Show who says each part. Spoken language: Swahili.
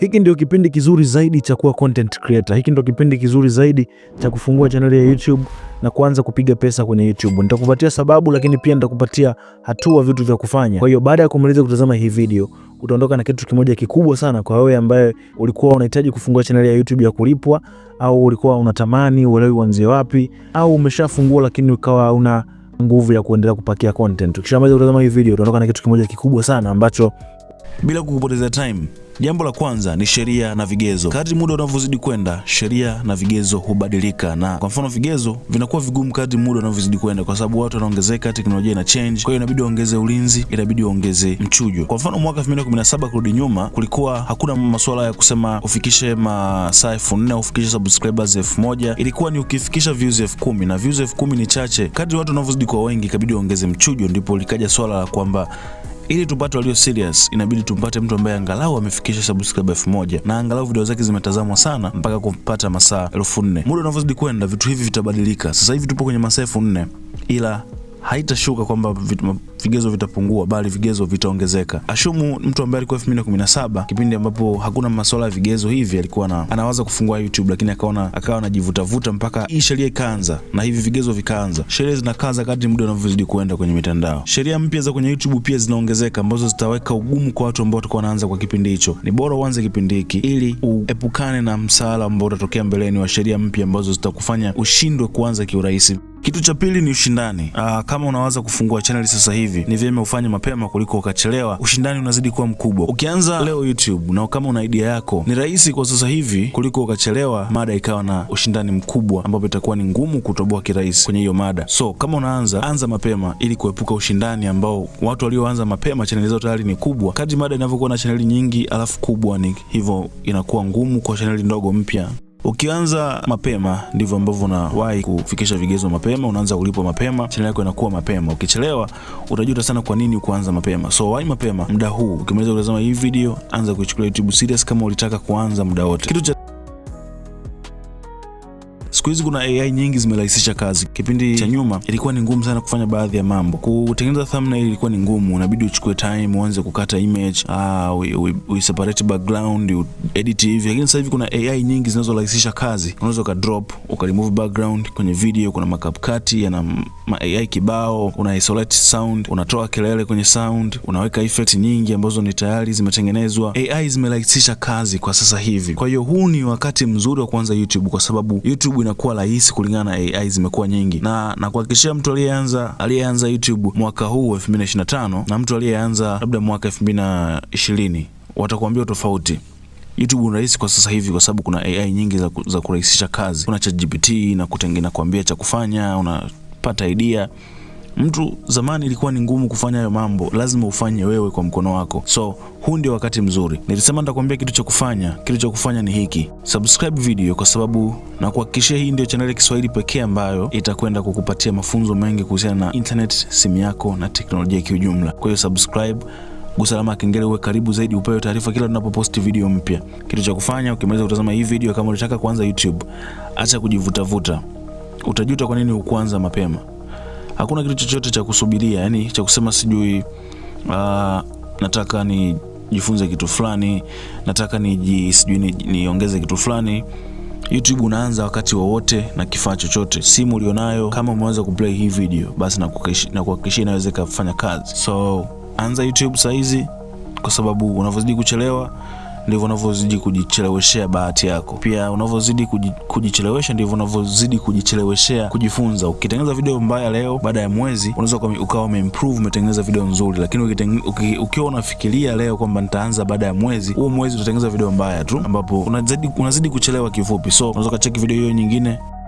Speaker 1: Hiki ndio kipindi kizuri zaidi cha kuwa content creator. Hiki ndio kipindi kizuri zaidi cha kufungua channel ya YouTube na kuanza kupiga pesa kwenye YouTube. Nitakupatia sababu, lakini pia nitakupatia hatua, vitu vya kufanya. Kwa hiyo baada ya kumaliza kutazama hii video utaondoka na kitu kimoja kikubwa sana kwa wewe ambaye ulikuwa unahitaji kufungua channel ya YouTube ya kulipwa, au ulikuwa unatamani uelewi uanzie wapi, au umeshafungua lakini ukawa una nguvu ya kuendelea kupakia content. Ukishamaliza kutazama hii video utaondoka na kitu kimoja kikubwa sana ambacho
Speaker 2: bila kukupoteza time Jambo la kwanza ni sheria na vigezo. Kadri muda unavyozidi kwenda, sheria na vigezo hubadilika, na kwa mfano vigezo vinakuwa vigumu kadri muda unavyozidi kwenda, kwa sababu watu wanaongezeka, teknolojia ina change. Kwa hiyo inabidi waongeze ulinzi, inabidi waongeze mchujo. Kwa mfano mwaka 2017 kurudi nyuma, kulikuwa hakuna masuala ya kusema ufikishe masaa elfu nne au ufikishe subscribers elfu moja ilikuwa ni ukifikisha views elfu kumi na views elfu kumi ni chache. Kadri watu wanavyozidi kuwa wengi, ikabidi waongeze mchujo, ndipo likaja swala la kwamba ili tupate walio serious, inabidi tumpate mtu ambaye angalau amefikisha subscribe elfu moja na angalau video zake zimetazamwa sana mpaka kupata masaa elfu nne. Muda unavyozidi kwenda, vitu hivi vitabadilika. Sasa hivi tupo kwenye masaa elfu nne ila haitashuka kwamba vigezo vitapungua, bali vigezo vitaongezeka. Ashumu mtu ambaye alikuwa saba kipindi ambapo hakuna masuala ya vigezo hivi, alikuwa na anawaza kufungua YouTube, lakini akaona akawa anajivutavuta mpaka hii sheria ikaanza na hivi vigezo vikaanza. Sheria zinakaza kadri muda unavyozidi kuenda kwenye mitandao. Sheria mpya za kwenye YouTube pia zinaongezeka ambazo zitaweka ugumu kwa watu ambao watakuwa wanaanza kwa kipindi hicho. Ni bora uanze kipindi hiki ili uepukane na msaala ambao utatokea mbeleni wa sheria mpya ambazo zitakufanya ushindwe kuanza kiurahisi. Kitu cha pili ni ushindani. Aa, ah, kama unawaza kufungua chaneli sasa hivi ni vyema ufanye mapema kuliko ukachelewa. Ushindani unazidi kuwa mkubwa. Ukianza leo YouTube na kama una idea yako, ni rahisi kwa sasa hivi kuliko ukachelewa mada ikawa na ushindani mkubwa, ambapo itakuwa ni ngumu kutoboa kirahisi kwenye hiyo mada. So kama unaanza, anza mapema ili kuepuka ushindani ambao watu walioanza mapema chaneli zao tayari ni kubwa. Kadri mada inavyokuwa na chaneli nyingi alafu kubwa, ni hivyo inakuwa ngumu kwa chaneli ndogo mpya. Ukianza mapema ndivyo ambavyo unawahi kufikisha vigezo mapema, unaanza kulipwa mapema, channel yako inakuwa mapema. Ukichelewa utajuta sana kwa nini kuanza mapema. So wahi mapema muda huu. Ukimaliza kutazama hii video, anza kuichukulia YouTube serious kama ulitaka kuanza muda wote. Kitu cha Siku hizi kuna AI nyingi zimerahisisha kazi. Kipindi cha nyuma ilikuwa ni ngumu sana kufanya baadhi ya mambo. Kutengeneza thumbnail ilikuwa ni ngumu, unabidi uchukue time, uanze kukata image, ah, we, we, we separate background, you edit hivi. Lakini sasa hivi kuna AI nyingi zinazorahisisha kazi. Unaweza uka drop, uka remove background kwenye video, kuna makapkat yana ma AI kibao, una isolate sound, unatoa kelele kwenye sound, unaweka effect nyingi ambazo ni tayari zimetengenezwa. AI zimerahisisha kazi kwa sasa hivi. Kwa hiyo huu ni wakati mzuri wa kuanza YouTube kwa sababu YouTube YouTube inakuwa rahisi kulingana na AI zimekuwa nyingi, na nakuhakikishia mtu aliyeanza aliyeanza YouTube mwaka huu 2025 na mtu aliyeanza labda mwaka 2020 watakuambia tofauti. YouTube ni rahisi kwa sasa hivi kwa sababu kuna AI nyingi za, za kurahisisha kazi. Kuna ChatGPT na kutengeneza kuambia cha kufanya, unapata idea. Mtu zamani ilikuwa ni ngumu kufanya hayo mambo, lazima ufanye wewe kwa mkono wako. So huu ndio wakati mzuri. Nilisema nitakwambia kitu cha kufanya. Kitu cha kufanya ni hiki, subscribe video, kwa sababu na kuhakikishia, hii ndio chaneli ya Kiswahili pekee ambayo itakwenda kukupatia mafunzo mengi kuhusiana na internet, simu yako na teknolojia kiujumla. Kwa hiyo subscribe Gusa alama ya kengele uwe karibu zaidi upewe taarifa kila tunapoposti video mpya. Kitu cha kufanya ukimaliza kutazama hii video, kama unataka kuanza YouTube, acha kujivutavuta, utajuta kwa nini hukuanza mapema hakuna kitu chochote cha kusubiria, yani cha kusema sijui uh, nataka nijifunze kitu fulani, nataka niji sijui niongeze ni kitu fulani. YouTube unaanza wakati wowote na kifaa chochote, simu ulionayo. Kama umeweza kuplay hii video, basi nakuhakikishia inaweza kufanya kazi. So anza YouTube saizi, kwa sababu unavyozidi kuchelewa ndivyo unavyozidi kujicheleweshea bahati yako. Pia unavyozidi kujichelewesha ndivyo unavyozidi kujicheleweshea kujifunza. Ukitengeneza video mbaya leo, baada ya mwezi unaweza ukawa umeimprove, umetengeneza video nzuri, lakini ukiwa unafikiria leo kwamba nitaanza baada ya mwezi, huo mwezi utatengeneza video mbaya tu, ambapo unazidi kuchelewa kifupi. So unaweza ukacheki video hiyo nyingine.